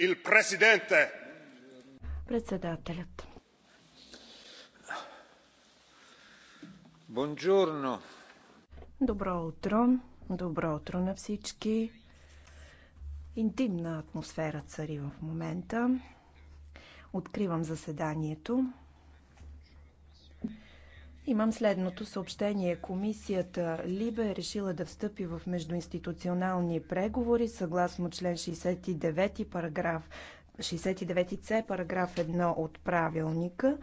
Il presidente. Председателят. Бонжурно. Добро утро. Добро утро на всички. Интимна атмосфера цари в момента. Откривам заседанието. Имам следното съобщение. Комисията Либе е решила да встъпи в междуинституционални преговори съгласно член 69 параграф 69c, параграф 1 от правилника.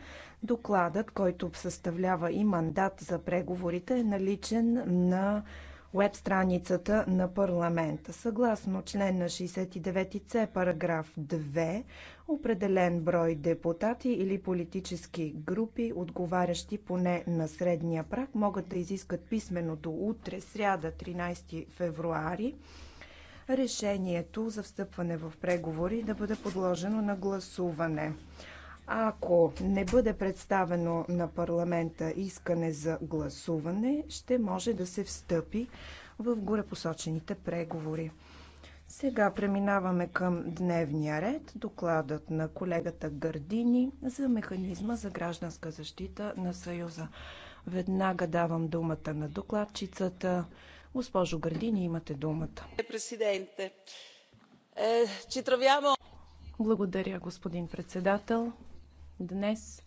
Докладът, който съставлява и мандат за преговорите, е наличен на веб страницата на парламента. Съгласно член на 69c, параграф 2, определен брой депутати или политически групи, отговарящи поне на средния прак, могат да изискат писменото утре, сряда, 13 февруари, решението за встъпване в преговори да бъде подложено на гласуване. Ако не бъде представено на парламента искане за гласуване, ще може да се встъпи в горепосочените преговори. Сега преминаваме към дневния ред, докладът на колегата Гардини за механизма за гражданска защита на Съюза. Веднага давам думата на докладчицата. Госпожо Гардини, имате думата. Е, Благодаря, господин председател. Днес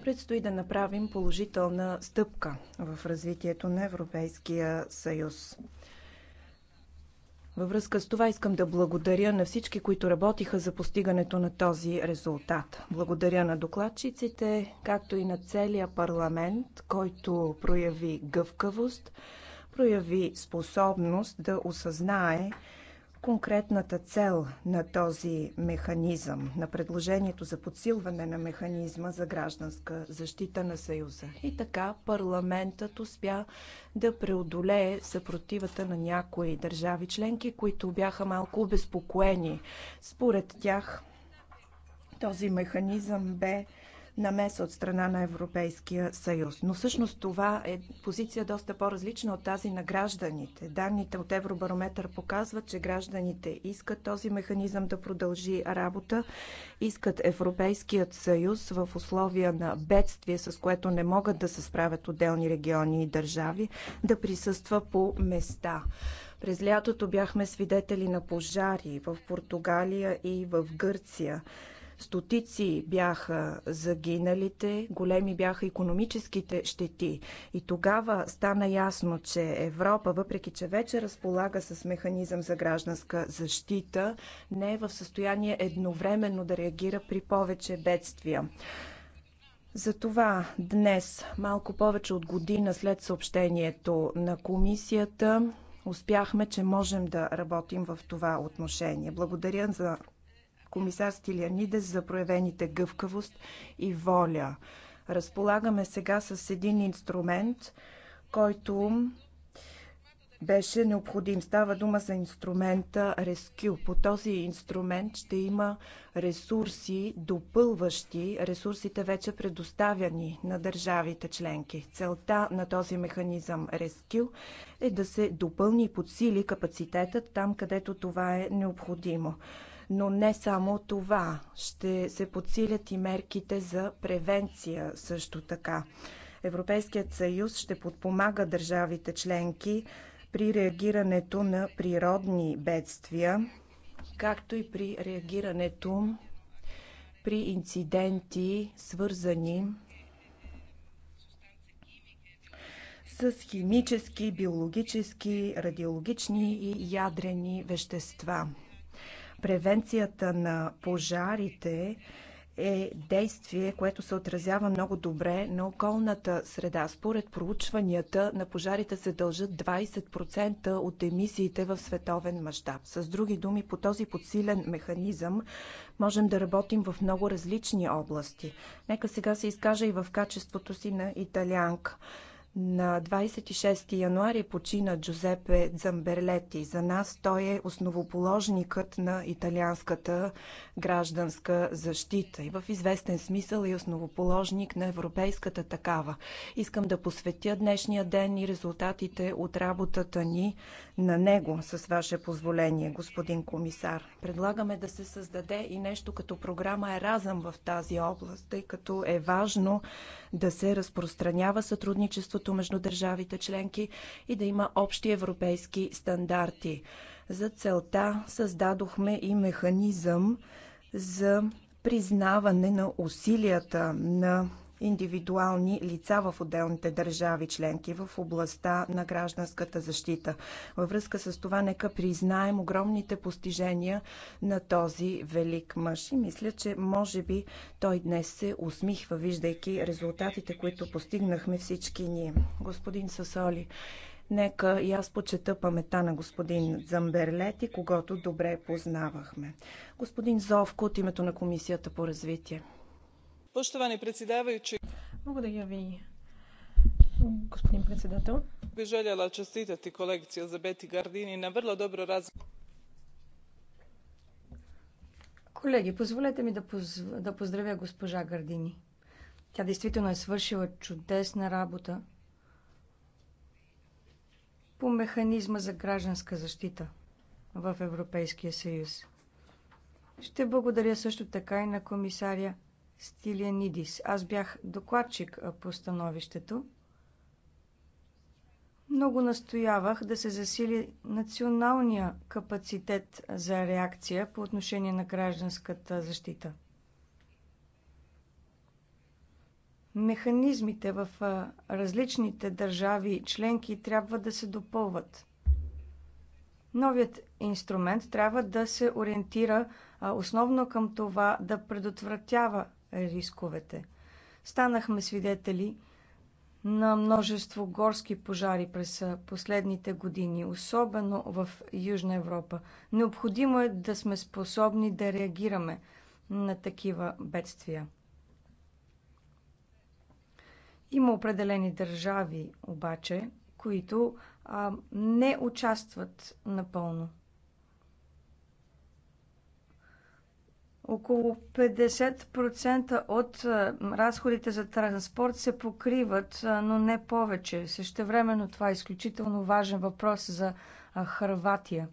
предстои да направим положителна стъпка в развитието на Европейския съюз. Във връзка с това искам да благодаря на всички, които работиха за постигането на този резултат. Благодаря на докладчиците, както и на целия парламент, който прояви гъвкавост, прояви способност да осъзнае конкретната цел на този механизъм, на предложението за подсилване на механизма за гражданска защита на Съюза. И така парламентът успя да преодолее съпротивата на някои държави членки, които бяха малко обезпокоени. Според тях този механизъм бе намеса от страна на Европейския съюз. Но всъщност това е позиция доста по-различна от тази на гражданите. Данните от Евробарометър показват, че гражданите искат този механизъм да продължи работа, искат Европейският съюз в условия на бедствие, с което не могат да се справят отделни региони и държави, да присъства по места. През лятото бяхме свидетели на пожари в Португалия и в Гърция. Стотици бяха загиналите, големи бяха економическите щети. И тогава стана ясно, че Европа, въпреки че вече разполага с механизъм за гражданска защита, не е в състояние едновременно да реагира при повече бедствия. Затова днес, малко повече от година след съобщението на комисията, успяхме, че можем да работим в това отношение. Благодаря за комисар Стилянидес за проявените гъвкавост и воля. Разполагаме сега с един инструмент, който беше необходим. Става дума за инструмента Rescue. По този инструмент ще има ресурси, допълващи ресурсите вече предоставяни на държавите членки. Целта на този механизъм Rescue е да се допълни и подсили капацитетът там, където това е необходимо. Но не само това. Ще се подсилят и мерките за превенция също така. Европейският съюз ще подпомага държавите членки при реагирането на природни бедствия, както и при реагирането при инциденти, свързани с химически, биологически, радиологични и ядрени вещества. Превенцията на пожарите е действие, което се отразява много добре на околната среда. Според проучванията на пожарите се дължат 20% от емисиите в световен мащаб. С други думи, по този подсилен механизъм можем да работим в много различни области. Нека сега се изкажа и в качеството си на италианка. На 26 януари почина Джузепе Дзамберлети. За нас той е основоположникът на италианската гражданска защита и в известен смисъл е основоположник на европейската такава. Искам да посветя днешния ден и резултатите от работата ни на него, с ваше позволение, господин комисар. Предлагаме да се създаде и нещо като програма Еразъм в тази област, тъй като е важно да се разпространява сътрудничеството партньорството между държавите членки и да има общи европейски стандарти. За целта създадохме и механизъм за признаване на усилията на индивидуални лица в отделните държави членки в областта на гражданската защита. Във връзка с това, нека признаем огромните постижения на този велик мъж и мисля, че може би той днес се усмихва, виждайки резултатите, които постигнахме всички ние. Господин Сасоли, Нека и аз почета памета на господин Замберлети, когато добре познавахме. Господин Зовко от името на Комисията по развитие. Poštovani predsjedavajući. Благодаря ви, господин председател. Би željela čestitati kolegici Elzabeti Gardini na vrlo dobro раз... Колеги, позволете ми да, поз... да поздравя госпожа Гардини. Тя действително е свършила чудесна работа по механизма за гражданска защита в Европейския съюз. Ще благодаря също така и на комисаря Стилианидис. Аз бях докладчик по становището. Много настоявах да се засили националния капацитет за реакция по отношение на гражданската защита. Механизмите в различните държави членки трябва да се допълват. Новият инструмент трябва да се ориентира основно към това да предотвратява рисковете. Станахме свидетели на множество горски пожари през последните години, особено в Южна Европа. Необходимо е да сме способни да реагираме на такива бедствия. Има определени държави, обаче, които а, не участват напълно. Около 50% от разходите за транспорт се покриват, но не повече. Същевременно това е изключително важен въпрос за Хърватия.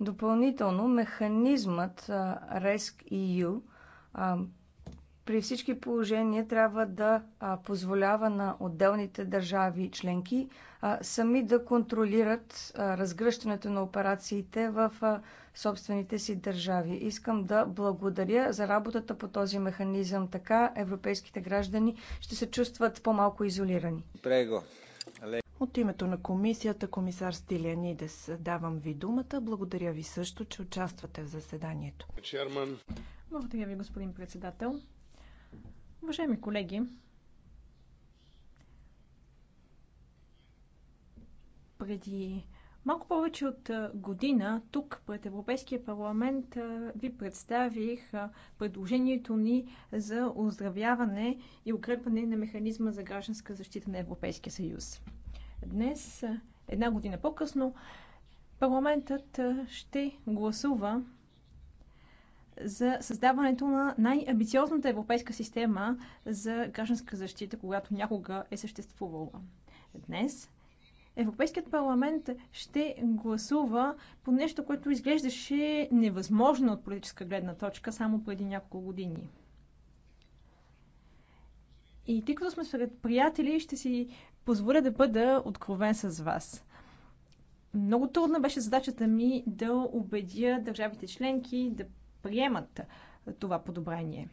Допълнително механизмът RESC-EU при всички положения трябва да а, позволява на отделните държави членки а, сами да контролират а, разгръщането на операциите в а, собствените си държави. Искам да благодаря за работата по този механизъм. Така европейските граждани ще се чувстват по-малко изолирани. Прего. От името на комисията, комисар Стилианидес, давам ви думата. Благодаря ви също, че участвате в заседанието. Благодаря ви, господин председател. Уважаеми колеги, преди малко повече от година тук пред Европейския парламент ви представих предложението ни за оздравяване и укрепване на механизма за гражданска защита на Европейския съюз. Днес, една година по-късно, парламентът ще гласува за създаването на най-амбициозната европейска система за гражданска защита, когато някога е съществувала. Днес Европейският парламент ще гласува по нещо, което изглеждаше невъзможно от политическа гледна точка само преди няколко години. И тъй като сме сред приятели, ще си позволя да бъда откровен с вас. Много трудна беше задачата ми да убедя държавите членки да приемат това подобрение.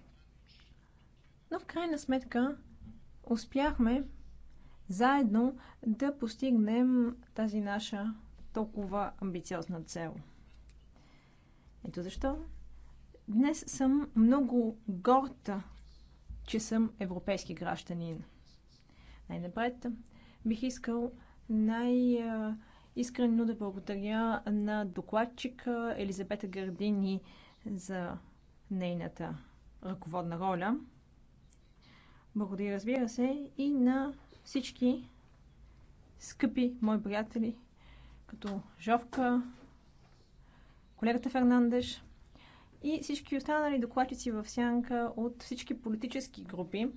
Но в крайна сметка успяхме заедно да постигнем тази наша толкова амбициозна цел. Ето защо днес съм много горда, че съм европейски гражданин. Най-напред бих искал най- Искрено да благодаря на докладчика Елизабета Гардини за нейната ръководна роля. Благодаря, разбира се, и на всички скъпи мои приятели, като Жовка, колегата Фернандеш и всички останали докладчици в сянка от всички политически групи.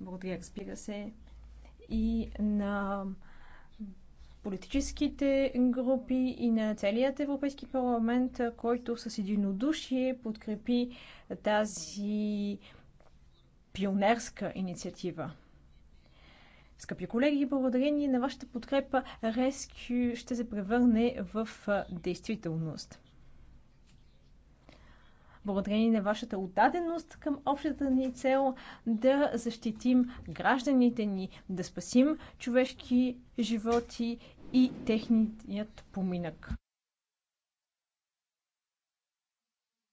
Благодаря, разбира се, и на политическите групи и на целият Европейски парламент, който с единодушие подкрепи тази пионерска инициатива. Скъпи колеги, благодарение на вашата подкрепа Rescue ще се превърне в действителност. Благодарение на вашата отдаденост към общата ни цел да защитим гражданите ни, да спасим човешки животи и техният поминък.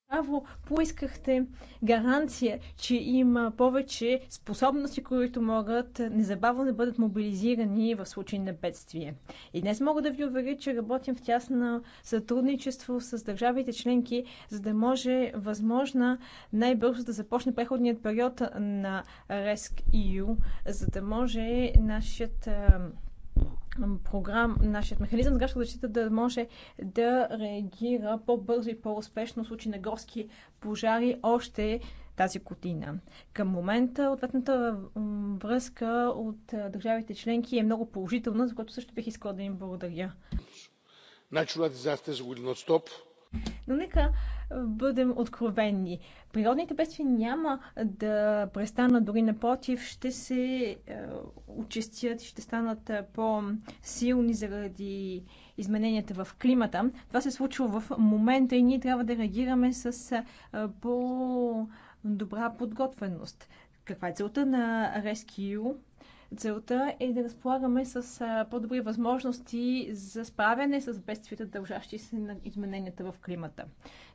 Право поискахте гаранция, че има повече способности, които могат незабавно да бъдат мобилизирани в случай на бедствие. И днес мога да ви уверя, че работим в тясно сътрудничество с държавите членки, за да може възможно най-бързо да започне преходният период на RESC EU, за да може нашият програм, нашият механизъм за градска защита да може да реагира по-бързо и по-успешно в случай на горски пожари още тази година. Към момента ответната връзка от държавите членки е много положителна, за което също бих искала да им благодаря. за disasters will от стоп. Но нека бъдем откровенни. Природните бедствия няма да престанат, дори напротив, ще се е, очистят, ще станат по-силни заради измененията в климата. Това се е случва в момента и ние трябва да реагираме с по-добра подготвеност. Каква е целта на Rescue? Целта е да разполагаме с по-добри възможности за справяне с бедствията, дължащи се на измененията в климата.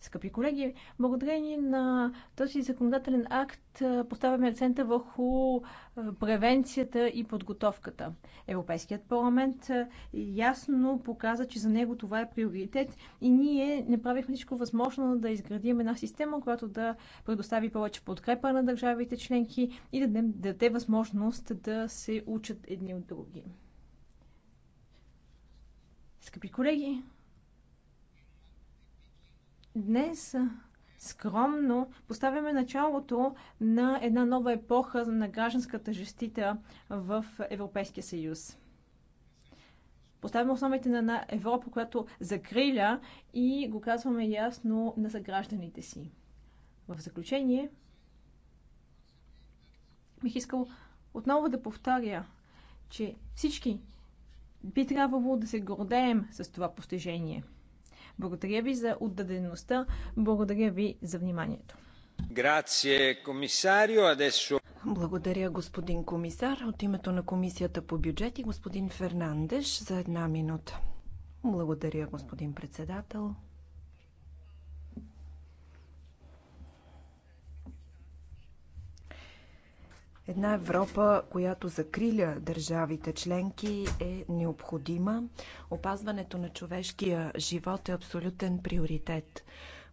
Скъпи колеги, благодарение на този законодателен акт поставяме акцента върху превенцията и подготовката. Европейският парламент ясно показа, че за него това е приоритет и ние не правихме всичко възможно да изградим една система, която да предостави повече подкрепа на държавите членки и да даде възможност да се учат едни от други. Скъпи колеги, днес скромно поставяме началото на една нова епоха на гражданската жестита в Европейския съюз. Поставяме основите на една Европа, която закриля и го казваме ясно на съгражданите си. В заключение, бих искал отново да повтаря, че всички би трябвало да се гордеем с това постижение – благодаря ви за отдадеността, благодаря ви за вниманието. Благодаря, господин комисар. От името на Комисията по бюджет и господин Фернандеш за една минута. Благодаря, господин председател. Една Европа, която закриля държавите членки е необходима. Опазването на човешкия живот е абсолютен приоритет.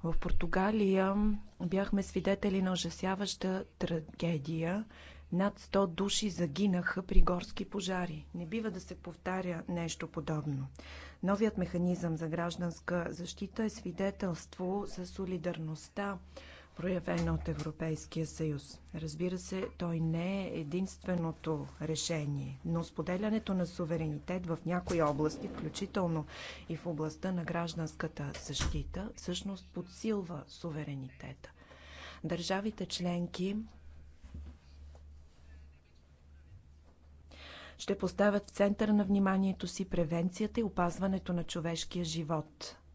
В Португалия бяхме свидетели на ужасяваща трагедия. Над 100 души загинаха при горски пожари. Не бива да се повтаря нещо подобно. Новият механизъм за гражданска защита е свидетелство за солидарността проявена от Европейския съюз. Разбира се, той не е единственото решение, но споделянето на суверенитет в някои области, включително и в областта на гражданската защита, всъщност подсилва суверенитета. Държавите членки ще поставят в център на вниманието си превенцията и опазването на човешкия живот –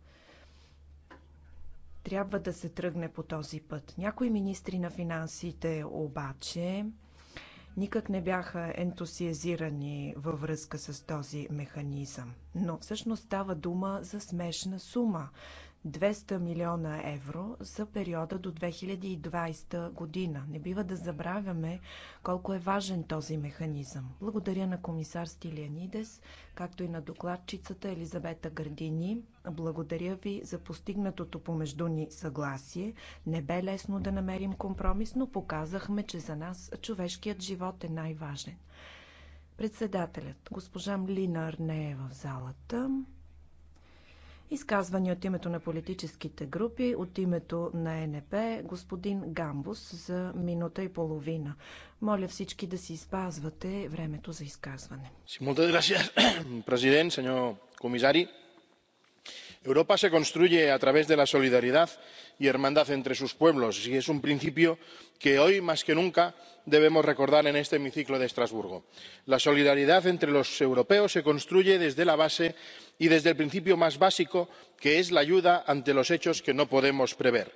трябва да се тръгне по този път. Някои министри на финансите обаче никак не бяха ентусиазирани във връзка с този механизъм. Но всъщност става дума за смешна сума. 200 милиона евро за периода до 2020 година. Не бива да забравяме колко е важен този механизъм. Благодаря на комисар Стилианидес, както и на докладчицата Елизабета Гърдини. Благодаря ви за постигнатото помежду ни съгласие. Не бе лесно да намерим компромис, но показахме, че за нас човешкият живот е най-важен. Председателят, госпожа Млинар не е в залата. Изказвания от името на политическите групи, от името на НП, господин Гамбус за минута и половина. Моля всички да си спазвате времето за изказване. Президент, комисари, europa se construye a través de la solidaridad y hermandad entre sus pueblos y es un principio que hoy más que nunca debemos recordar en este hemiciclo de estrasburgo. la solidaridad entre los europeos se construye desde la base y desde el principio más básico que es la ayuda ante los hechos que no podemos prever.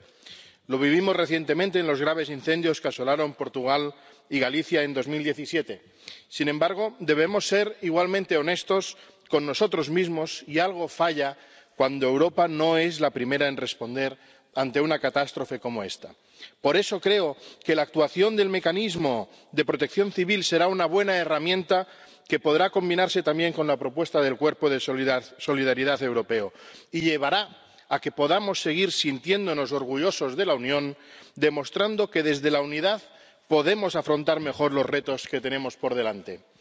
lo vivimos recientemente en los graves incendios que asolaron portugal y galicia en dos mil diecisiete sin embargo debemos ser igualmente honestos con nosotros mismos y algo falla cuando europa no es la primera en responder ante una catástrofe como esta. por eso creo que la actuación del mecanismo de protección civil será una buena herramienta que podrá combinarse también con la propuesta del cuerpo de solidaridad europeo y llevará a que podamos seguir sintiéndonos orgullosos de la unión demostrando que desde la unidad podemos afrontar mejor los retos que tenemos por delante.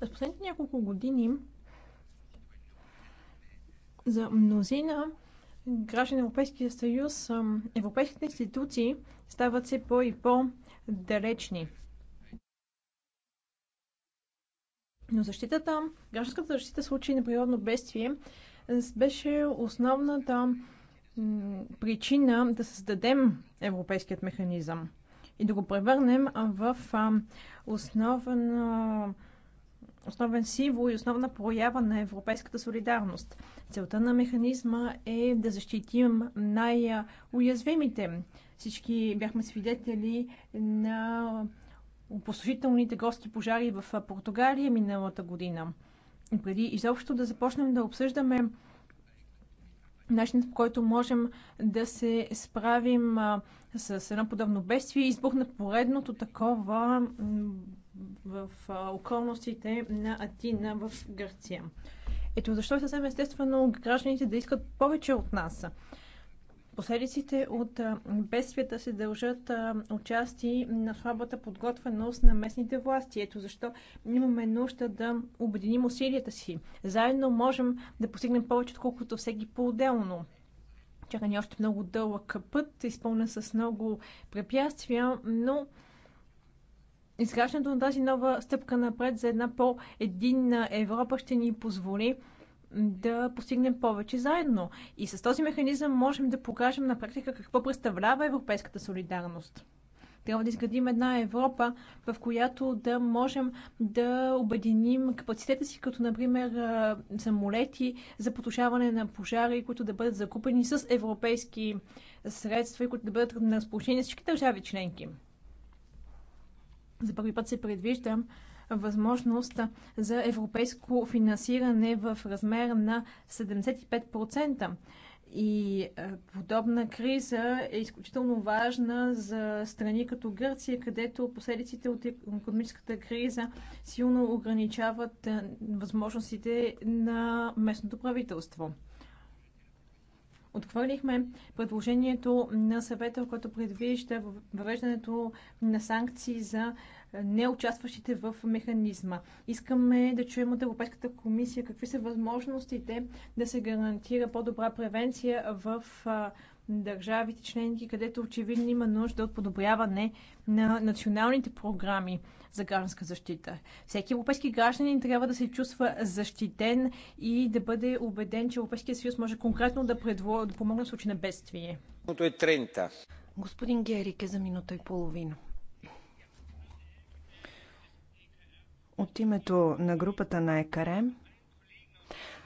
През последните няколко години за мнозина граждани на Европейския съюз, европейските институции стават все по- и по-далечни. Но защитата, гражданската защита в случай на природно бедствие беше основната причина да създадем европейският механизъм и да го превърнем в основно основен символ и основна проява на европейската солидарност. Целта на механизма е да защитим най-уязвимите. Всички бяхме свидетели на опустошителните горски пожари в Португалия миналата година. И преди изобщо да започнем да обсъждаме начинът по който можем да се справим с едно подобно бедствие, избухна поредното такова в околностите на Атина в Гърция. Ето защо е съвсем естествено гражданите да искат повече от нас. Последиците от бедствията се дължат отчасти на слабата подготвеност на местните власти. Ето защо имаме нужда да обединим усилията си. Заедно можем да постигнем повече, отколкото всеки по-отделно. Чака ни още много дълъг път, изпълнен с много препятствия, но Изграждането на тази нова стъпка напред за една по-единна Европа ще ни позволи да постигнем повече заедно. И с този механизъм можем да покажем на практика какво представлява европейската солидарност. Трябва да изградим една Европа, в която да можем да обединим капацитета си, като например самолети за потушаване на пожари, които да бъдат закупени с европейски средства и които да бъдат на разположение всички държави членки. За първи път се предвижда възможност за европейско финансиране в размер на 75%. И е, подобна криза е изключително важна за страни като Гърция, където последиците от економическата криза силно ограничават е, възможностите на местното правителство. Отхвърлихме предложението на съвета, което предвижда въвеждането на санкции за неучастващите в механизма. Искаме да чуем от Европейската комисия какви са възможностите да се гарантира по-добра превенция в държавите членки, където очевидно има нужда от подобряване на националните програми за гражданска защита. Всеки европейски гражданин трябва да се чувства защитен и да бъде убеден, че Европейския съюз може конкретно да, предво... да помогне в случай на бедствие. Е Господин Герик е за минута и половина. От името на групата на ЕКАРЕМ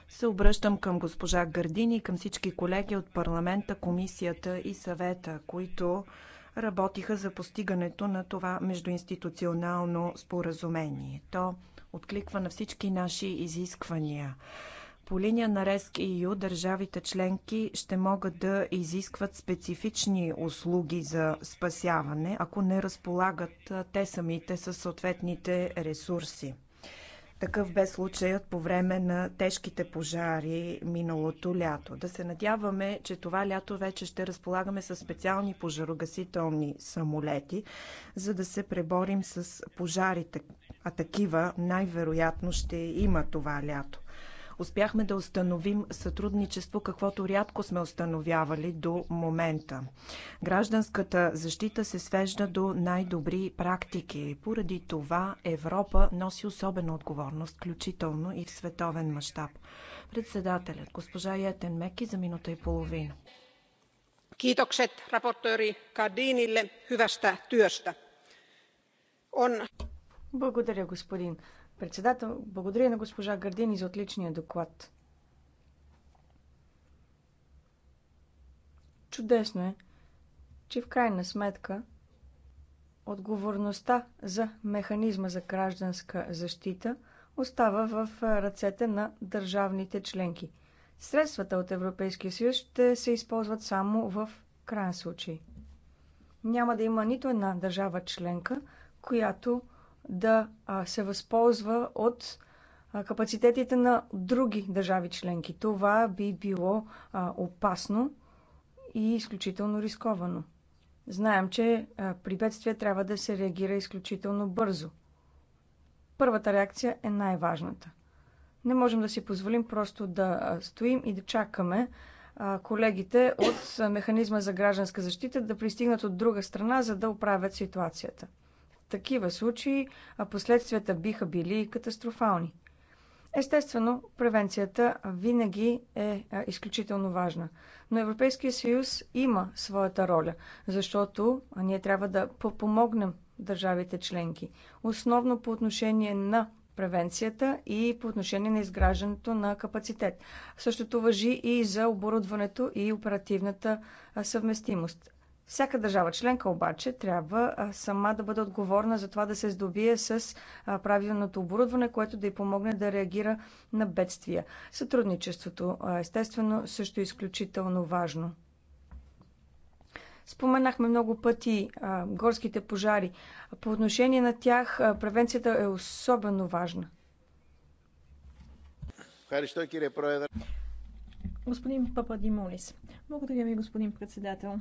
се обръщам към госпожа Гърдини и към всички колеги от парламента, комисията и съвета, които работиха за постигането на това междуинституционално споразумение. То откликва на всички наши изисквания. По линия на РЕСК и Ю, държавите членки ще могат да изискват специфични услуги за спасяване, ако не разполагат те самите със съответните ресурси. Такъв бе случаят по време на тежките пожари миналото лято. Да се надяваме, че това лято вече ще разполагаме с специални пожарогасителни самолети, за да се преборим с пожарите. А такива най-вероятно ще има това лято успяхме да установим сътрудничество, каквото рядко сме установявали до момента. Гражданската защита се свежда до най-добри практики. Поради това Европа носи особена отговорност, включително и в световен мащаб. Председателят, госпожа Йетен Меки, за минута и половина. Kiitokset raportööri Kadinille hyvästä työstä. On... Благодаря, господин Председател, благодаря на госпожа Гардини за отличния доклад. Чудесно е, че в крайна сметка отговорността за механизма за гражданска защита остава в ръцете на държавните членки. Средствата от Европейския съюз ще се използват само в крайен случай. Няма да има нито една държава членка, която да се възползва от капацитетите на други държави членки. Това би било опасно и изключително рисковано. Знаем, че при бедствие трябва да се реагира изключително бързо. Първата реакция е най-важната. Не можем да си позволим просто да стоим и да чакаме колегите от механизма за гражданска защита да пристигнат от друга страна, за да оправят ситуацията такива случаи последствията биха били катастрофални. Естествено, превенцията винаги е изключително важна. Но Европейския съюз има своята роля, защото ние трябва да помогнем държавите членки. Основно по отношение на превенцията и по отношение на изграждането на капацитет. Същото въжи и за оборудването и оперативната съвместимост. Всяка държава членка обаче трябва сама да бъде отговорна за това да се здобие с правилното оборудване, което да й помогне да реагира на бедствия. Сътрудничеството естествено също е изключително важно. Споменахме много пъти а, горските пожари. По отношение на тях а, превенцията е особено важна. Господин Пападимолис, благодаря ви, господин председател.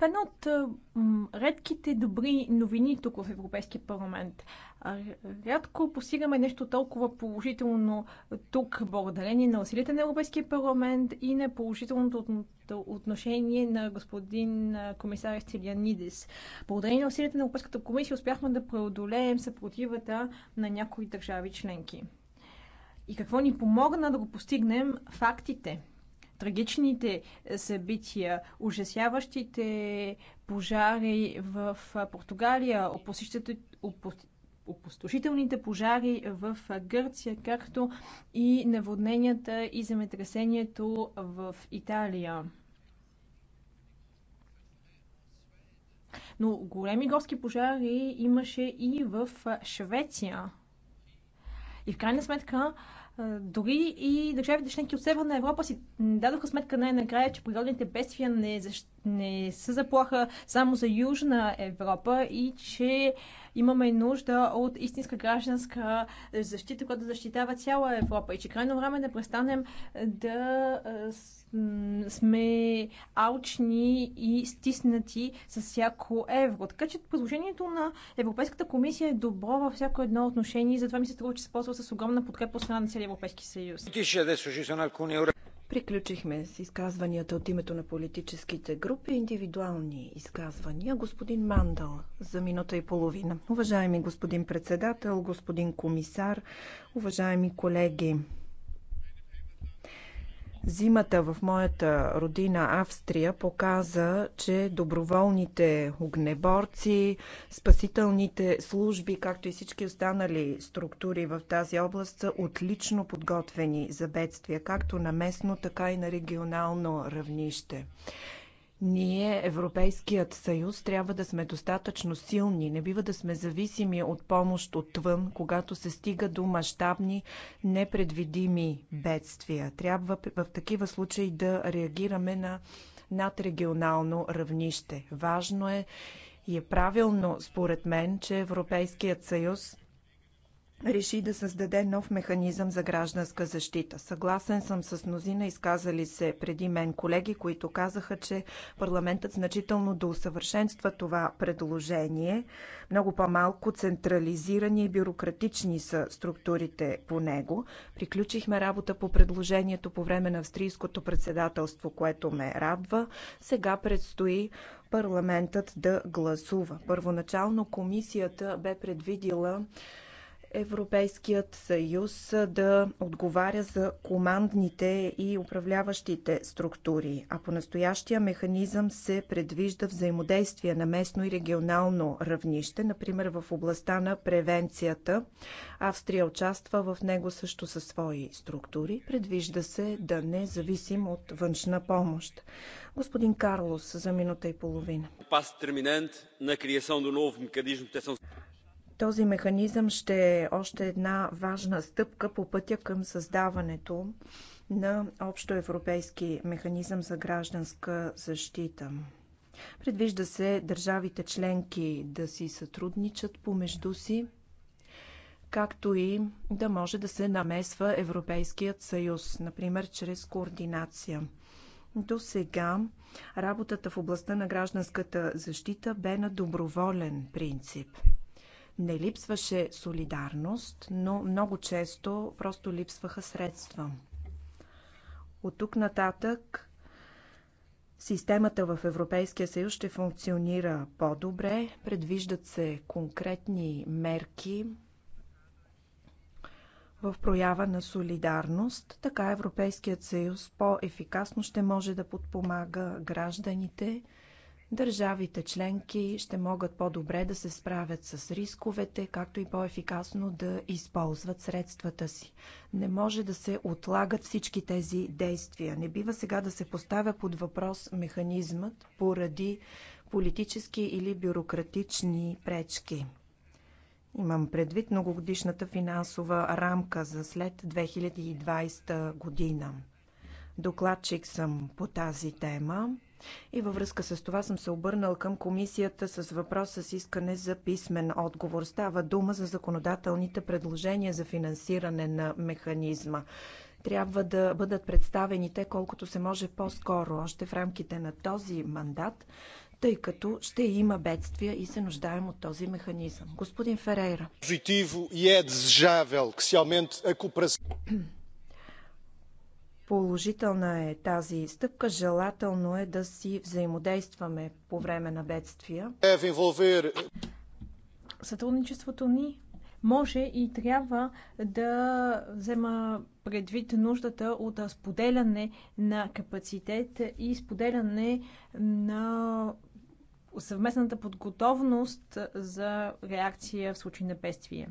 Това е една от редките добри новини тук в Европейския парламент. Рядко постигаме нещо толкова положително тук, благодарение на усилите на Европейския парламент и на положителното отношение на господин комисар Нидис. Благодарение на усилията на Европейската комисия успяхме да преодолеем съпротивата на някои държави членки. И какво ни помогна да го постигнем? Фактите – трагичните е, събития, ужасяващите пожари в е, Португалия, опустошителните пожари в е, Гърция, както и наводненията и земетресението в Италия. Но големи горски пожари имаше и в Швеция. И в крайна сметка дори и държавите членки от Северна Европа си дадоха сметка най-накрая, че природните бедствия не, защ... не са заплаха само за Южна Европа и че имаме нужда от истинска гражданска защита, която защитава цяла Европа и че крайно време да престанем да сме алчни и стиснати с всяко евро. Така че предложението на Европейската комисия е добро във всяко едно отношение и затова ми се струва, че се ползва с огромна подкрепа от страна на целия Европейски съюз. Приключихме с изказванията от името на политическите групи, индивидуални изказвания. Господин Мандал за минута и половина. Уважаеми господин председател, господин комисар, уважаеми колеги, Зимата в моята родина Австрия показа, че доброволните огнеборци, спасителните служби, както и всички останали структури в тази област са отлично подготвени за бедствия, както на местно, така и на регионално равнище. Ние, Европейският съюз, трябва да сме достатъчно силни. Не бива да сме зависими от помощ отвън, когато се стига до мащабни, непредвидими бедствия. Трябва в такива случаи да реагираме на надрегионално равнище. Важно е и е правилно, според мен, че Европейският съюз реши да създаде нов механизъм за гражданска защита. Съгласен съм с мнозина изказали се преди мен колеги, които казаха, че парламентът значително да усъвършенства това предложение. Много по-малко централизирани и бюрократични са структурите по него. Приключихме работа по предложението по време на австрийското председателство, което ме радва. Сега предстои парламентът да гласува. Първоначално комисията бе предвидила Европейският съюз да отговаря за командните и управляващите структури, а по настоящия механизъм се предвижда взаимодействие на местно и регионално равнище, например в областта на превенцията. Австрия участва в него също със свои структури. Предвижда се да не зависим от външна помощ. Господин Карлос, за минута и половина. Този механизъм ще е още една важна стъпка по пътя към създаването на общоевропейски механизъм за гражданска защита. Предвижда се държавите членки да си сътрудничат помежду си, както и да може да се намесва Европейският съюз, например чрез координация. До сега работата в областта на гражданската защита бе на доброволен принцип – не липсваше солидарност, но много често просто липсваха средства. От тук нататък Системата в Европейския съюз ще функционира по-добре. Предвиждат се конкретни мерки в проява на солидарност. Така Европейският съюз по-ефикасно ще може да подпомага гражданите Държавите членки ще могат по-добре да се справят с рисковете, както и по-ефикасно да използват средствата си. Не може да се отлагат всички тези действия. Не бива сега да се поставя под въпрос механизмът поради политически или бюрократични пречки. Имам предвид многогодишната финансова рамка за след 2020 година. Докладчик съм по тази тема. И във връзка с това съм се обърнал към комисията с въпрос с искане за писмен отговор. Става дума за законодателните предложения за финансиране на механизма трябва да бъдат представени те колкото се може по-скоро, още в рамките на този мандат, тъй като ще има бедствия и се нуждаем от този механизъм. Господин Ферейра. Положителна е тази стъпка. Желателно е да си взаимодействаме по време на бедствия. Сътрудничеството ни може и трябва да взема предвид нуждата от споделяне на капацитет и споделяне на съвместната подготовност за реакция в случай на бедствие.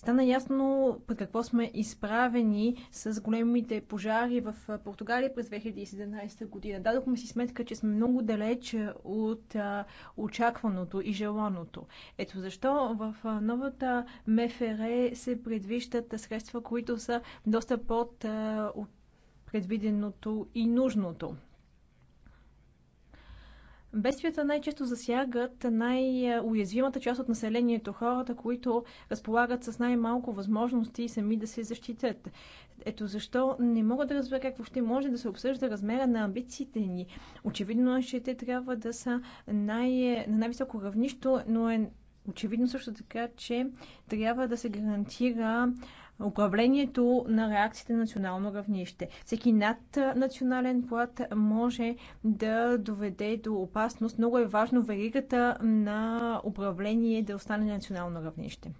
Стана ясно пред какво сме изправени с големите пожари в Португалия през 2017 година. Дадохме си сметка, че сме много далеч от а, очакваното и желаното. Ето защо в новата МФР се предвиждат средства, които са доста под а, предвиденото и нужното. Бедствията най-често засягат най-уязвимата част от населението, хората, които разполагат с най-малко възможности сами да се защитят. Ето защо не мога да разбера как въобще може да се обсъжда размера на амбициите ни. Очевидно, че те трябва да са най- на най-високо равнище, но е очевидно също така, че трябва да се гарантира управлението на реакциите на национално равнище. Всеки наднационален плат може да доведе до опасност. Много е важно веригата на управление да остане на национално равнище.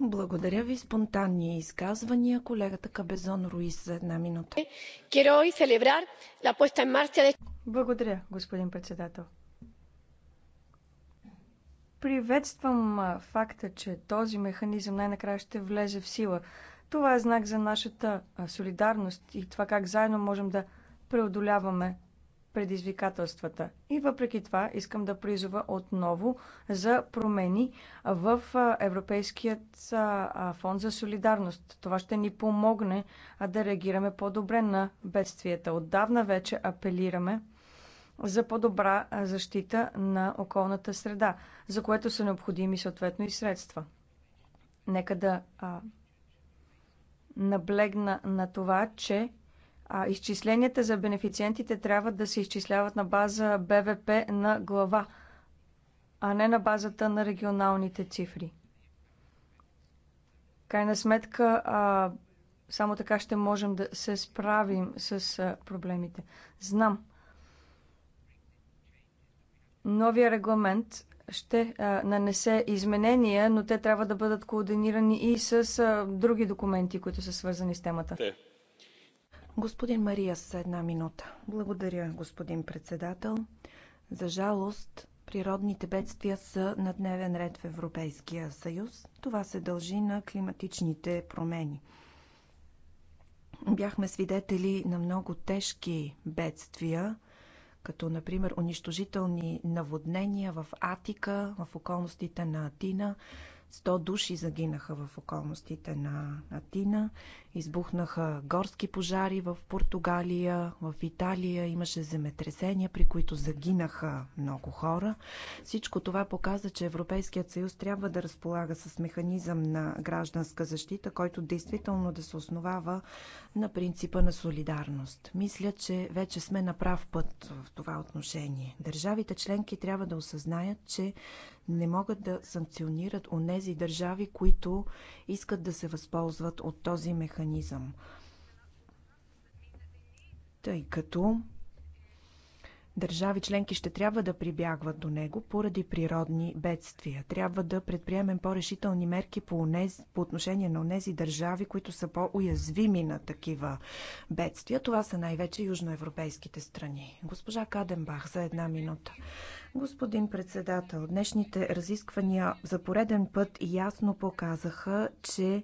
Благодаря ви. Спонтанни изказвания. Колегата Кабезон Руис за една минута. Благодаря, господин председател. Приветствам факта, че този механизъм най-накрая ще влезе в сила. Това е знак за нашата солидарност и това как заедно можем да преодоляваме предизвикателствата. И въпреки това искам да призова отново за промени в Европейският фонд за солидарност. Това ще ни помогне да реагираме по-добре на бедствията. Отдавна вече апелираме за по-добра защита на околната среда, за което са необходими съответно и средства. Нека да а, наблегна на това, че а, изчисленията за бенефициентите трябва да се изчисляват на база БВП на глава, а не на базата на регионалните цифри. Крайна сметка, а, само така ще можем да се справим с а, проблемите. Знам, Новия регламент ще а, нанесе изменения, но те трябва да бъдат координирани и с а, други документи, които са свързани с темата. Те. Господин Мария, с една минута. Благодаря, господин председател. За жалост, природните бедствия са на дневен ред в Европейския съюз. Това се дължи на климатичните промени. Бяхме свидетели на много тежки бедствия като например унищожителни наводнения в Атика, в околностите на Атина, 100 души загинаха в околностите на Атина. Избухнаха горски пожари в Португалия, в Италия. Имаше земетресения, при които загинаха много хора. Всичко това показа, че Европейският съюз трябва да разполага с механизъм на гражданска защита, който действително да се основава на принципа на солидарност. Мисля, че вече сме на прав път в това отношение. Държавите членки трябва да осъзнаят, че не могат да санкционират онези държави, които искат да се възползват от този механизъм. Тъй като държави членки ще трябва да прибягват до него поради природни бедствия. Трябва да предприемем по-решителни мерки по, унез, по отношение на онези държави, които са по-уязвими на такива бедствия. Това са най-вече южноевропейските страни. Госпожа Каденбах за една минута. Господин председател, днешните разисквания за пореден път ясно показаха, че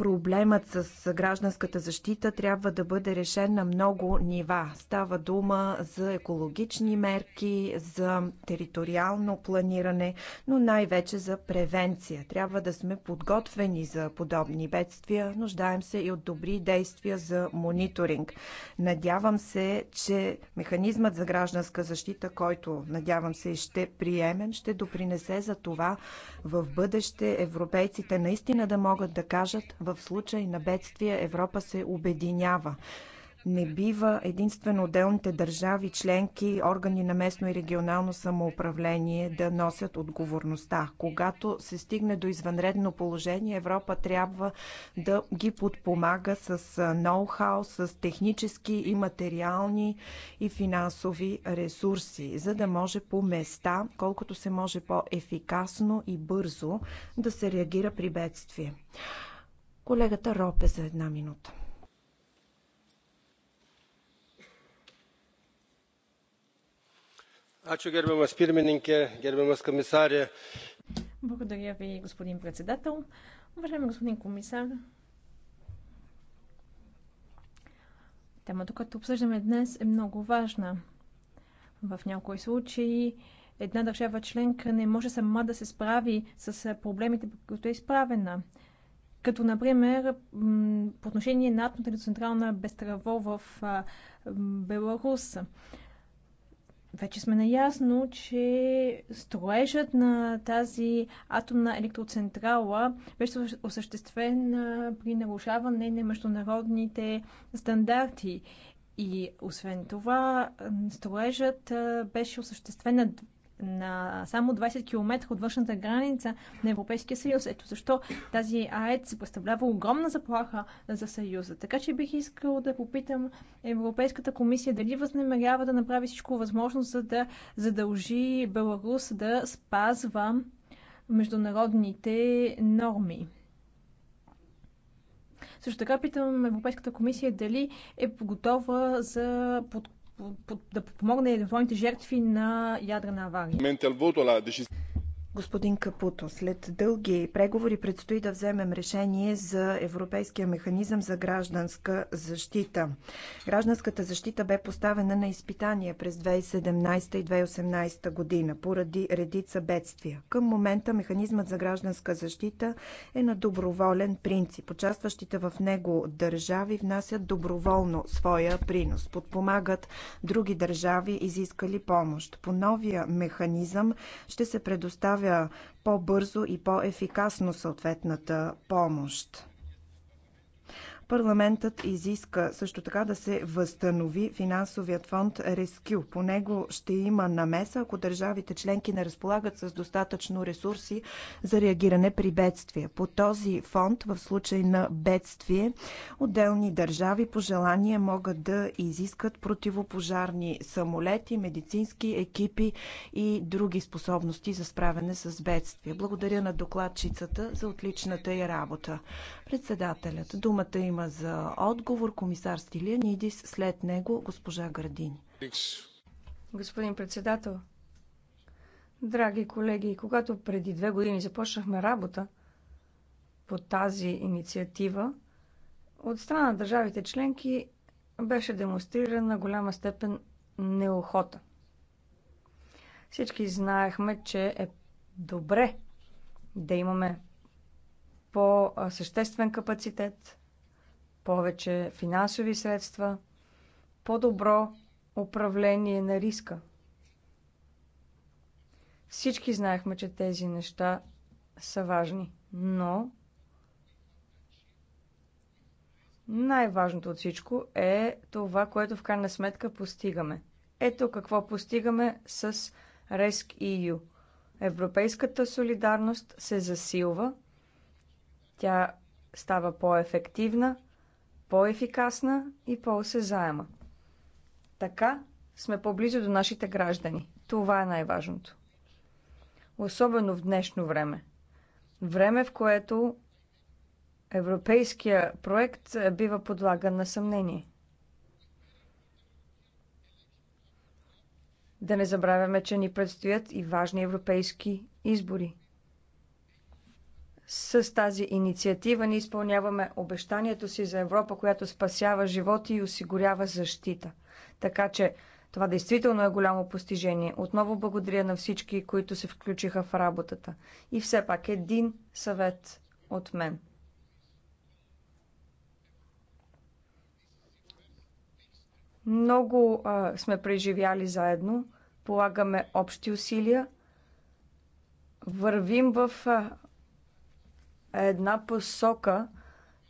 проблемът с гражданската защита трябва да бъде решен на много нива. Става дума за екологични мерки, за териториално планиране, но най-вече за превенция. Трябва да сме подготвени за подобни бедствия. Нуждаем се и от добри действия за мониторинг. Надявам се, че механизмът за гражданска защита, който надявам се и ще приемем, ще допринесе за това в бъдеще европейците наистина да могат да кажат в в случай на бедствие Европа се обединява. Не бива единствено отделните държави, членки, органи на местно и регионално самоуправление да носят отговорността. Когато се стигне до извънредно положение, Европа трябва да ги подпомага с ноу-хау, с технически и материални и финансови ресурси, за да може по места, колкото се може по-ефикасно и бързо да се реагира при бедствие. Колегата Ропе за една минута. Благодаря ви, господин председател. Уважаеми господин комисар, темата, която обсъждаме днес, е много важна. В някои случаи една държава членка не може сама да се справи с проблемите, по които е изправена като например по отношение на атомната централна безтраво в Беларус. Вече сме наясно, че строежът на тази атомна електроцентрала беше осъществен при нарушаване на международните стандарти. И освен това, строежът беше осъществен на на само 20 км от външната граница на Европейския съюз. Ето защо тази АЕЦ представлява огромна заплаха за съюза. Така че бих искал да попитам Европейската комисия дали възнамерява да направи всичко възможно, за да задължи Беларус да спазва международните норми. Също така питам Европейската комисия дали е готова за под да подпомогне евентуалните жертви на ядрена авария. Господин Капуто, след дълги преговори предстои да вземем решение за Европейския механизъм за гражданска защита. Гражданската защита бе поставена на изпитание през 2017 и 2018 година поради редица бедствия. Към момента механизмът за гражданска защита е на доброволен принцип. Участващите в него държави внасят доброволно своя принос, подпомагат други държави, изискали помощ. По новия механизъм ще се предоставя предоставя по-бързо и по-ефикасно съответната помощ. Парламентът изиска също така да се възстанови финансовият фонд Rescue. По него ще има намеса, ако държавите членки не разполагат с достатъчно ресурси за реагиране при бедствия. По този фонд, в случай на бедствие, отделни държави по желание могат да изискат противопожарни самолети, медицински екипи и други способности за справяне с бедствия. Благодаря на докладчицата за отличната й работа. Председателят, думата има има за отговор комисар Стилианидис, след него госпожа Градини. Господин председател, драги колеги, когато преди две години започнахме работа по тази инициатива, от страна на държавите членки беше демонстрирана голяма степен неохота. Всички знаехме, че е добре да имаме по-съществен капацитет, повече финансови средства, по-добро управление на риска. Всички знаехме, че тези неща са важни, но най-важното от всичко е това, което в крайна сметка постигаме. Ето какво постигаме с RESC EU. Европейската солидарност се засилва, тя става по-ефективна – по-ефикасна и по-осезаема. Така сме по-близо до нашите граждани. Това е най-важното. Особено в днешно време. Време, в което европейския проект бива подлаган на съмнение. Да не забравяме, че ни предстоят и важни европейски избори. С тази инициатива ние изпълняваме обещанието си за Европа, която спасява животи и осигурява защита. Така че това действително е голямо постижение. Отново благодаря на всички, които се включиха в работата. И все пак един съвет от мен. Много а, сме преживяли заедно, полагаме общи усилия, вървим в а, една посока,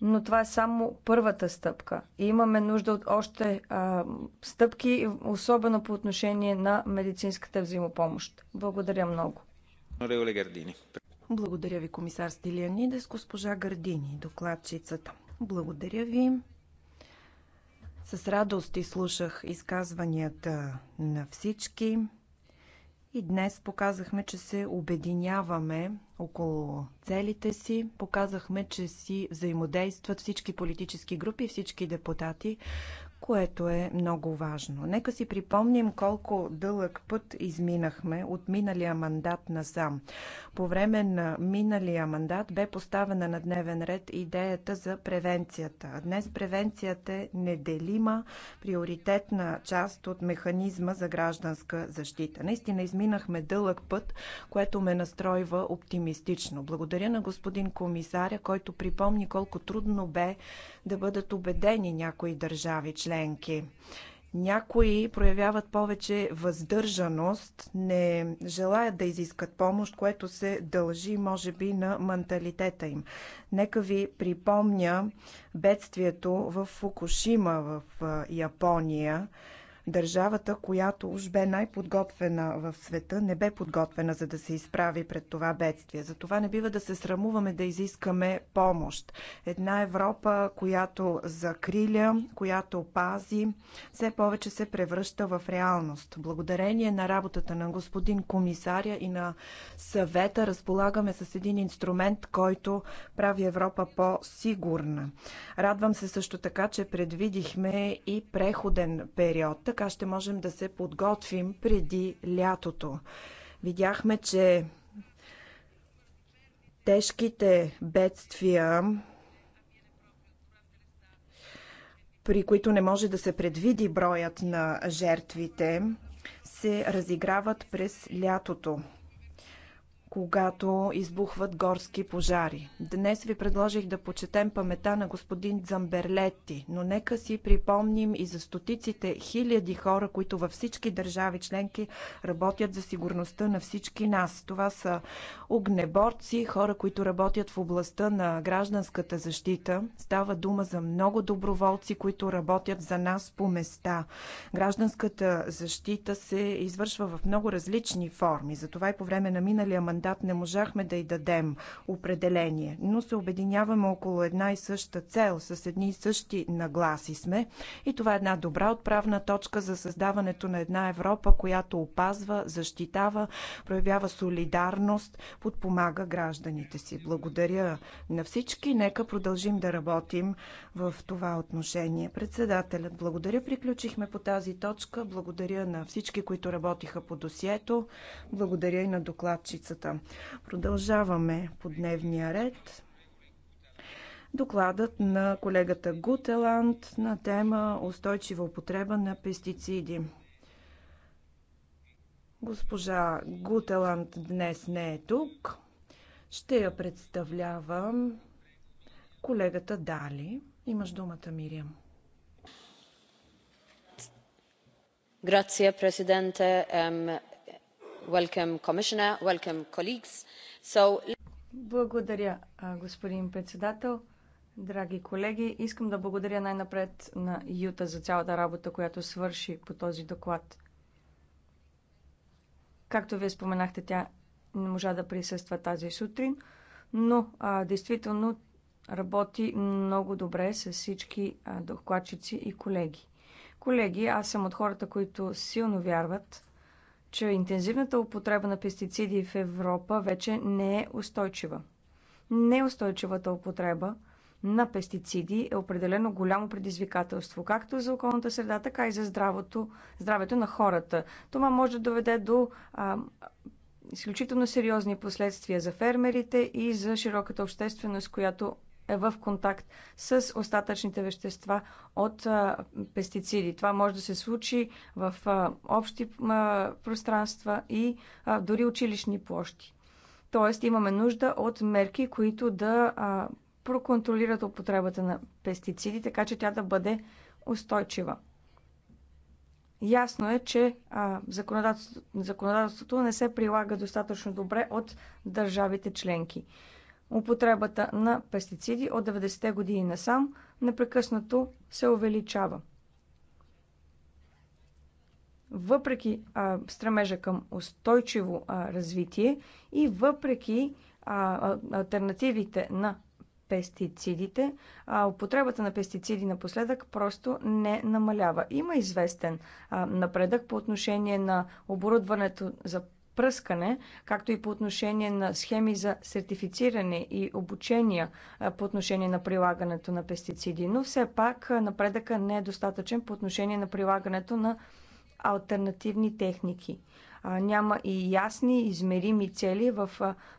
но това е само първата стъпка. И имаме нужда от още а, стъпки, особено по отношение на медицинската взаимопомощ. Благодаря много. Благодаря ви, комисар Стилианидес, госпожа Гардини, докладчицата. Благодаря ви. С радост изслушах изказванията на всички. И днес показахме, че се обединяваме около целите си, показахме, че си взаимодействат всички политически групи, всички депутати, което е много важно. Нека си припомним колко дълъг път изминахме от миналия мандат насам. По време на миналия мандат бе поставена на дневен ред идеята за превенцията. днес превенцията е неделима, приоритетна част от механизма за гражданска защита. Наистина изминахме дълъг път, което ме настройва оптимистично. Благодаря на господин комисаря, който припомни колко трудно бе да бъдат убедени някои държави членки. Някои проявяват повече въздържаност, не желаят да изискат помощ, което се дължи, може би, на менталитета им. Нека ви припомня бедствието в Фукушима в Япония. Държавата, която уж бе най-подготвена в света, не бе подготвена за да се изправи пред това бедствие. Затова не бива да се срамуваме да изискаме помощ. Една Европа, която закриля, която пази, все повече се превръща в реалност. Благодарение на работата на господин комисаря и на съвета разполагаме с един инструмент, който прави Европа по-сигурна. Радвам се също така, че предвидихме и преходен период, така ще можем да се подготвим преди лятото. Видяхме, че тежките бедствия, при които не може да се предвиди броят на жертвите, се разиграват през лятото когато избухват горски пожари. Днес ви предложих да почетем памета на господин Дзамберлети, но нека си припомним и за стотиците хиляди хора, които във всички държави членки работят за сигурността на всички нас. Това са огнеборци, хора, които работят в областта на гражданската защита. Става дума за много доброволци, които работят за нас по места. Гражданската защита се извършва в много различни форми. Затова и по време на миналия мандат мандат не можахме да й дадем определение, но се обединяваме около една и съща цел, с едни и същи нагласи сме. И това е една добра отправна точка за създаването на една Европа, която опазва, защитава, проявява солидарност, подпомага гражданите си. Благодаря на всички. Нека продължим да работим в това отношение. Председателят, благодаря. Приключихме по тази точка. Благодаря на всички, които работиха по досието. Благодаря и на докладчицата точка. Продължаваме по дневния ред. Докладът на колегата Гутеланд на тема Устойчива употреба на пестициди. Госпожа Гутеланд днес не е тук. Ще я представлявам. колегата Дали. Имаш думата, Мирия. Grazie Presidente, благодаря, господин председател. Драги колеги, искам да благодаря най-напред на Юта за цялата работа, която свърши по този доклад. Както вие споменахте, тя не можа да присъства тази сутрин, но а, действително работи много добре с всички докладчици и колеги. Колеги, аз съм от хората, които силно вярват, че интензивната употреба на пестициди в Европа вече не е устойчива. Неустойчивата употреба на пестициди е определено голямо предизвикателство, както за околната среда, така и за здравето, здравето на хората. Това може да доведе до а, изключително сериозни последствия за фермерите и за широката общественост, която е в контакт с остатъчните вещества от пестициди. Това може да се случи в общи пространства и дори училищни площи. Тоест имаме нужда от мерки, които да проконтролират употребата на пестициди, така че тя да бъде устойчива. Ясно е, че а, законодателството, законодателството не се прилага достатъчно добре от държавите членки. Употребата на пестициди от 90-те години насам непрекъснато се увеличава. Въпреки а, стремежа към устойчиво а, развитие и въпреки а, альтернативите на пестицидите, а употребата на пестициди напоследък просто не намалява. Има известен а, напредък по отношение на оборудването за пръскане, както и по отношение на схеми за сертифициране и обучения по отношение на прилагането на пестициди. Но все пак напредъка не е достатъчен по отношение на прилагането на альтернативни техники. Няма и ясни, измерими цели в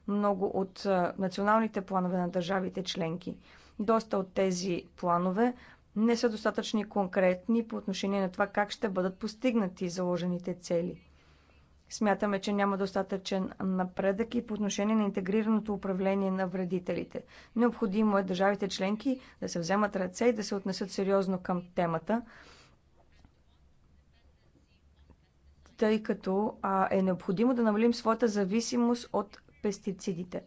много от националните планове на държавите членки. Доста от тези планове не са достатъчни конкретни по отношение на това как ще бъдат постигнати заложените цели. Смятаме, че няма достатъчен напредък и по отношение на интегрираното управление на вредителите. Необходимо е държавите членки да се вземат ръце и да се отнесат сериозно към темата, тъй като а, е необходимо да намалим своята зависимост от пестицидите.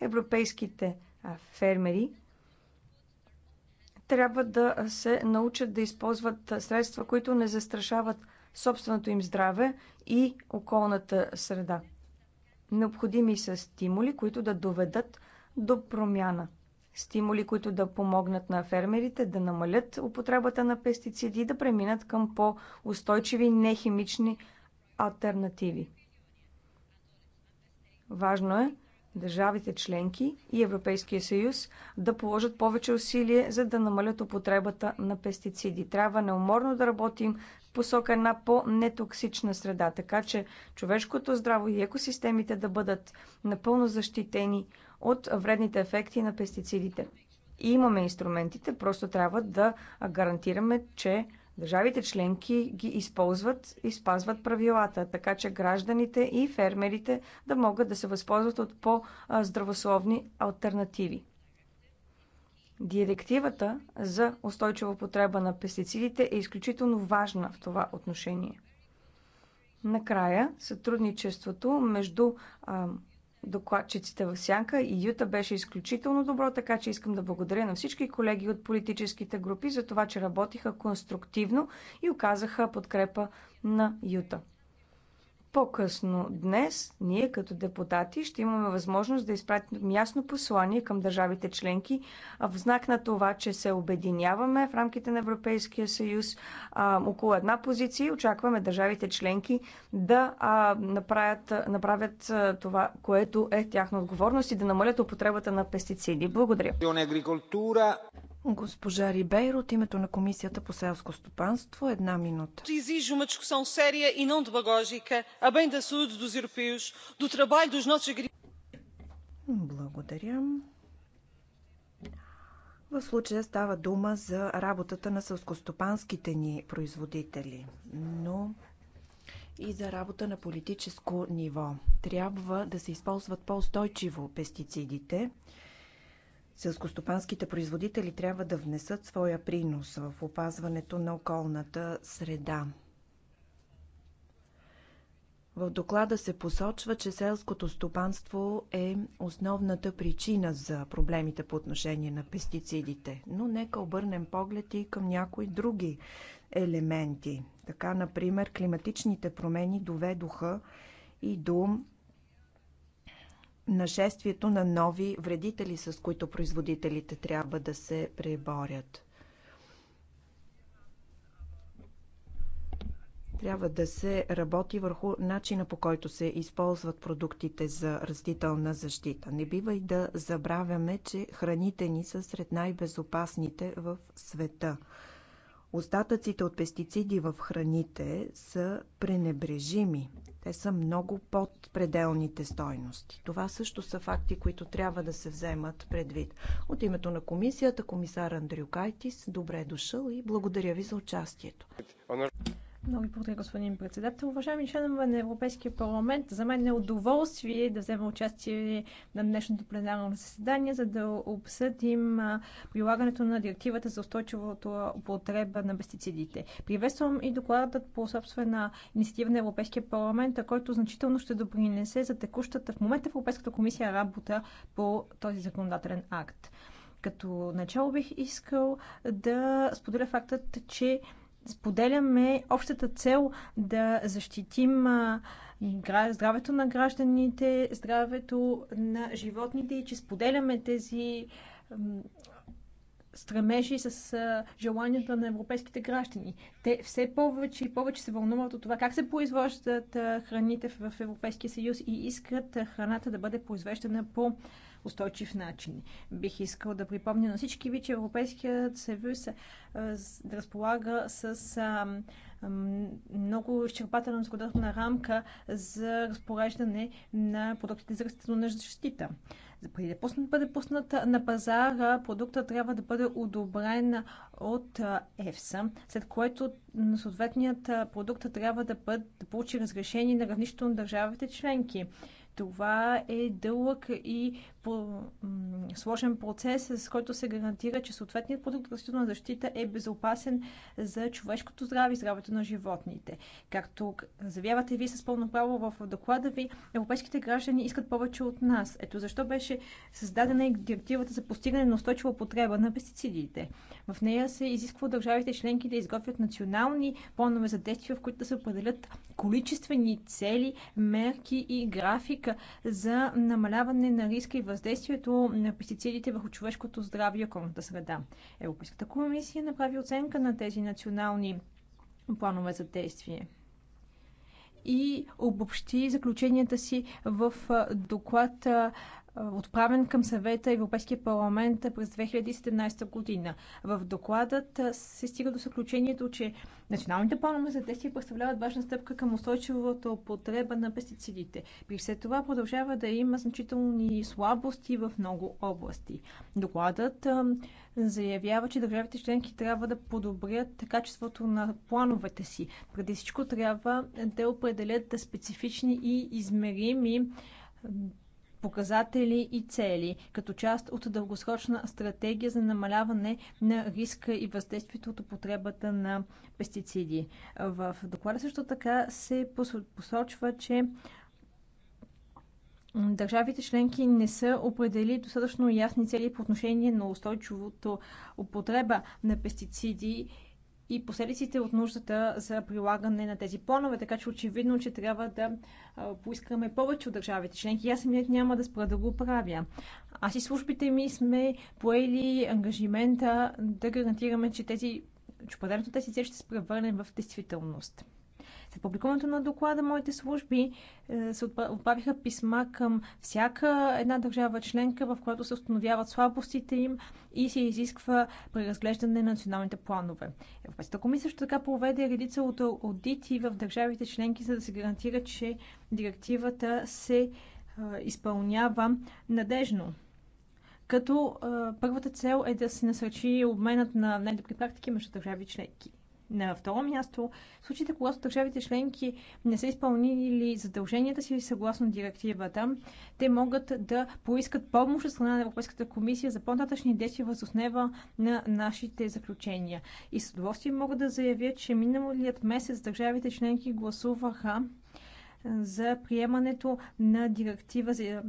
Европейските а, фермери трябва да се научат да използват средства, които не застрашават собственото им здраве и околната среда. Необходими са стимули, които да доведат до промяна. Стимули, които да помогнат на фермерите да намалят употребата на пестициди и да преминат към по-устойчиви нехимични альтернативи. Важно е държавите членки и Европейския съюз да положат повече усилие, за да намалят употребата на пестициди. Трябва неуморно да работим посока една по-нетоксична среда, така че човешкото здраво и екосистемите да бъдат напълно защитени от вредните ефекти на пестицидите. И имаме инструментите, просто трябва да гарантираме, че държавите членки ги използват и спазват правилата, така че гражданите и фермерите да могат да се възползват от по-здравословни альтернативи. Директивата за устойчива употреба на пестицидите е изключително важна в това отношение. Накрая, сътрудничеството между а, докладчиците в Сянка и Юта беше изключително добро, така че искам да благодаря на всички колеги от политическите групи за това, че работиха конструктивно и оказаха подкрепа на Юта. По-късно днес ние като депутати ще имаме възможност да изпратим ясно послание към държавите членки в знак на това, че се обединяваме в рамките на Европейския съюз а, около една позиция и очакваме държавите членки да а, направят, направят а, това, което е тяхна отговорност и да намалят употребата на пестициди. Благодаря. Госпожа Рибейро от името на Комисията по селско стопанство, една минута. Exige uma discussão séria e não demagógica, a bem da saúde dos europeus, do trabalho dos nossos Благодаря. В случая става дума за работата на селскостопанските ни производители, но и за работа на политическо ниво. Трябва да се използват по-устойчиво пестицидите, Селскостопанските производители трябва да внесат своя принос в опазването на околната среда. В доклада се посочва, че селското стопанство е основната причина за проблемите по отношение на пестицидите. Но нека обърнем поглед и към някои други елементи. Така, например, климатичните промени доведоха и до нашествието на нови вредители, с които производителите трябва да се преборят. Трябва да се работи върху начина по който се използват продуктите за растителна защита. Не бива и да забравяме, че храните ни са сред най-безопасните в света. Остатъците от пестициди в храните са пренебрежими. Те са много под пределните стойности. Това също са факти, които трябва да се вземат предвид. От името на комисията, комисар Андрю Кайтис, добре е дошъл и благодаря ви за участието. Много благодаря, господин председател. Уважаеми членове на Европейския парламент, за мен е удоволствие да взема участие на днешното пленарно заседание, за да обсъдим прилагането на директивата за устойчивото употреба на пестицидите. Приветствам и докладът по собствена инициатива на Европейския парламент, който значително ще допринесе за текущата в момента в Европейската комисия работа по този законодателен акт. Като начало бих искал да споделя фактът, че споделяме общата цел да защитим здравето на гражданите, здравето на животните и че споделяме тези стремежи с желанията на европейските граждани. Те все повече и повече се вълнуват от това как се произвеждат храните в Европейския съюз и искат храната да бъде произвеждана по устойчив начин. Бих искал да припомня на всички ви, че Европейският съюз да разполага с много изчерпателна законодателна рамка за разпореждане на продуктите за растителна защита. За преди да пусна, бъде пуснат на пазара, продукта трябва да бъде одобрен от ЕФСА, след което съответният продукт трябва да, бъде, да получи разрешение на равнището на държавите членки. Това е дълъг и по сложен процес, с който се гарантира, че съответният продукт растителна защита е безопасен за човешкото здраве и здравето на животните. Както завявате, ви с пълно право в доклада ви, европейските граждани искат повече от нас. Ето защо беше създадена и директивата за постигане на устойчива употреба на пестицидите. В нея се изисква държавите членки да изготвят национални планове за действия, в които да се определят количествени цели, мерки и графика за намаляване на риска и въз въздействието на пестицидите върху човешкото здраве и околната среда. Европейската комисия направи оценка на тези национални планове за действие и обобщи заключенията си в доклад отправен към съвета Европейския парламент през 2017 година. В докладът се стига до заключението, че националните планове за действие представляват важна стъпка към устойчивата употреба на пестицидите. При все това продължава да има значителни слабости в много области. Докладът заявява, че държавите членки трябва да подобрят качеството на плановете си. Преди всичко трябва да определят специфични и измерими показатели и цели, като част от дългосрочна стратегия за намаляване на риска и въздействието от употребата на пестициди. В доклада също така се посочва, че държавите членки не са определили достатъчно ясни цели по отношение на устойчивото употреба на пестициди и последиците от нуждата за прилагане на тези планове, така че очевидно, че трябва да поискаме повече от държавите членки. Аз самият няма да спра да го правя. Аз и службите ми сме поели ангажимента да гарантираме, че тези че тези цели ще се превърне в действителност. След публикуването на доклада, моите служби е, се отправиха писма към всяка една държава членка, в която се установяват слабостите им и се изисква преразглеждане на националните планове. Европейската комисия ще така проведе редица от аудити в държавите членки, за да се гарантира, че директивата се е, изпълнява надежно като е, първата цел е да се насърчи обменът на най-добри практики между държави членки. На второ място, в случаите, когато държавите членки не са изпълнили задълженията си съгласно директивата, те могат да поискат помощ от страна на Европейската комисия за по-нататъчни действия въз основа на нашите заключения. И с удоволствие мога да заявя, че миналият месец държавите членки гласуваха за приемането на директива за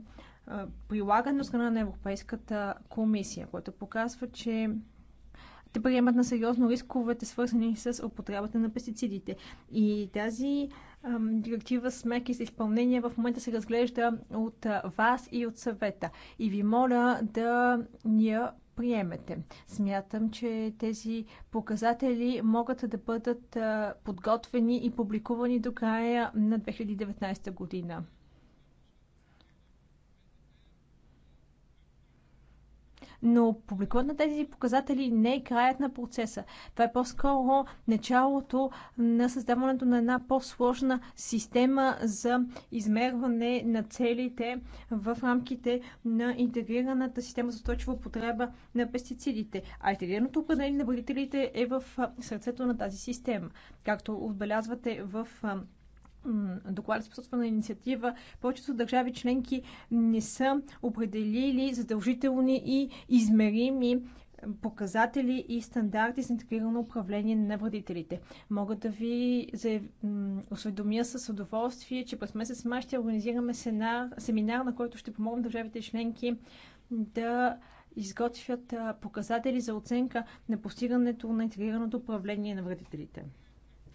прилагане от страна на Европейската комисия, което показва, че ще приемат на сериозно рисковете, свързани с употребата на пестицидите. И тази директива с мерки за изпълнение в момента се разглежда от вас и от съвета. И ви моля да я приемете. Смятам, че тези показатели могат да бъдат подготвени и публикувани до края на 2019 година. но публикуват на тези показатели не е краят на процеса. Това е по-скоро началото на създаването на една по-сложна система за измерване на целите в рамките на интегрираната система за устойчива употреба на пестицидите. А интегрираното определение на вредителите е в сърцето на тази система. Както отбелязвате в доклада с посредствена инициатива, повечето държави членки не са определили задължителни и измерими показатели и стандарти за интегрирано управление на вредителите. Мога да ви осведомя с удоволствие, че през месец май ще организираме семинар, на който ще помогнем държавите членки да изготвят показатели за оценка на постигането на интегрираното управление на вредителите.